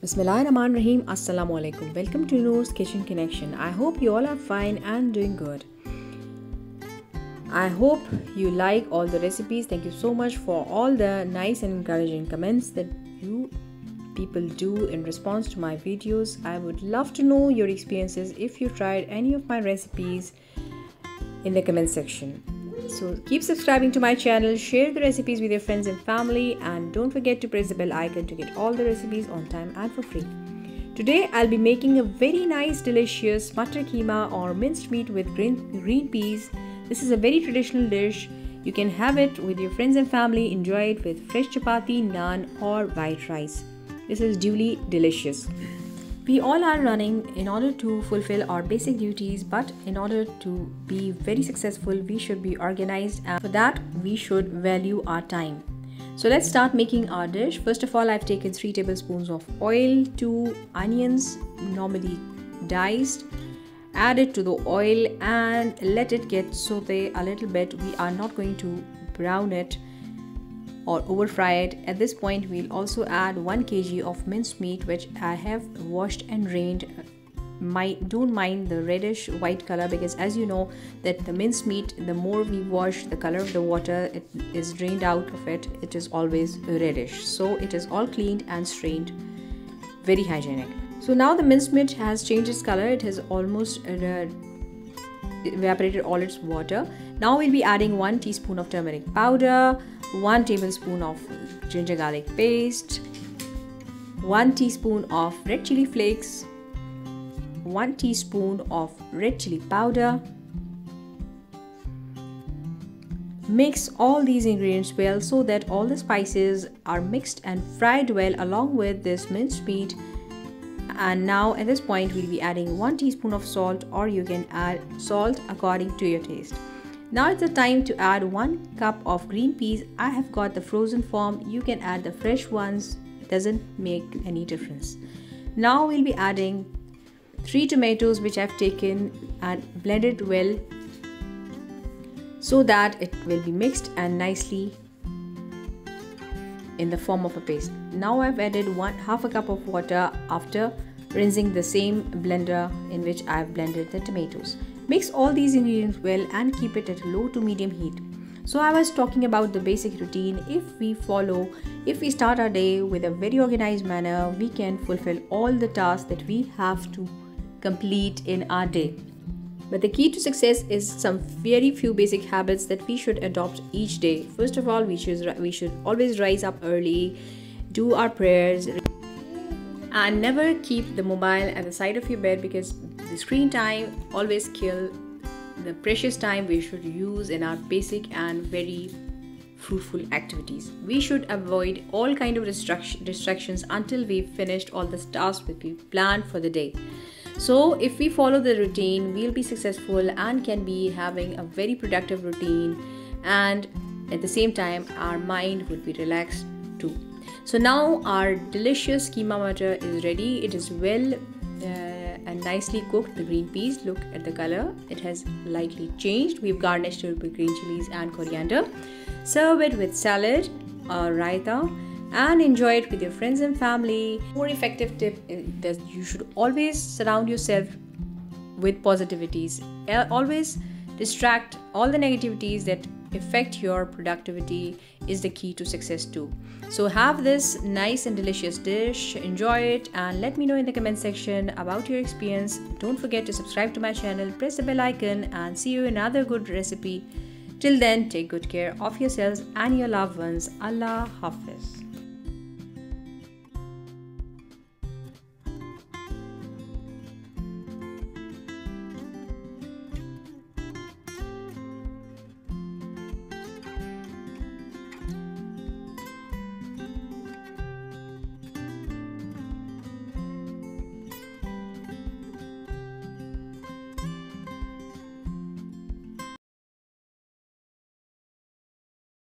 Bismillahirrahmanirrahim. Assalamu alaikum. Welcome to Noor's Kitchen Connection. I hope you all are fine and doing good. I hope you like all the recipes. Thank you so much for all the nice and encouraging comments that you people do in response to my videos. I would love to know your experiences if you tried any of my recipes in the comment section. So keep subscribing to my channel, share the recipes with your friends and family and don't forget to press the bell icon to get all the recipes on time and for free. Today I'll be making a very nice delicious mutter keema or minced meat with green, green peas. This is a very traditional dish. You can have it with your friends and family, enjoy it with fresh chapati, naan or white rice. This is duly delicious. We all are running in order to fulfill our basic duties, but in order to be very successful, we should be organized, and for that, we should value our time. So let's start making our dish. First of all, I've taken 3 tablespoons of oil, 2 onions, normally diced, add it to the oil and let it get saute a little bit. We are not going to brown it or over fry it. At this point, we'll also add 1 kg of minced meat which I have washed and drained my, don't mind the reddish white color because as you know that the minced meat the more we wash the color of the water it is drained out of it it is always reddish so it is all cleaned and strained very hygienic so now the minced meat has changed its color it has almost uh, evaporated all its water now we'll be adding 1 teaspoon of turmeric powder 1 tablespoon of ginger garlic paste, 1 teaspoon of red chili flakes, 1 teaspoon of red chili powder. Mix all these ingredients well so that all the spices are mixed and fried well along with this minced meat. And now at this point we'll be adding 1 teaspoon of salt or you can add salt according to your taste. Now it's the time to add 1 cup of green peas. I have got the frozen form. You can add the fresh ones. It doesn't make any difference. Now we'll be adding 3 tomatoes which I've taken and blended well so that it will be mixed and nicely in the form of a paste. Now I've added one half a cup of water after rinsing the same blender in which I've blended the tomatoes. Mix all these ingredients well and keep it at low to medium heat. So I was talking about the basic routine if we follow if we start our day with a very organized manner we can fulfill all the tasks that we have to complete in our day. But the key to success is some very few basic habits that we should adopt each day. First of all, we should we should always rise up early, do our prayers, and never keep the mobile at the side of your bed because the screen time always kill the precious time we should use in our basic and very fruitful activities we should avoid all kind of distractions until we've finished all the tasks that we planned for the day so if we follow the routine we'll be successful and can be having a very productive routine and at the same time our mind would be relaxed too so now our delicious keema butter is ready it is well uh, and nicely cooked. The green peas, look at the color, it has lightly changed. We've garnished it with green chilies and coriander. Serve it with salad or raita and enjoy it with your friends and family. More effective tip is that you should always surround yourself with positivities. Always distract all the negativities that affect your productivity is the key to success too. So have this nice and delicious dish, enjoy it and let me know in the comment section about your experience. Don't forget to subscribe to my channel, press the bell icon and see you in another good recipe. Till then, take good care of yourselves and your loved ones. Allah Hafiz.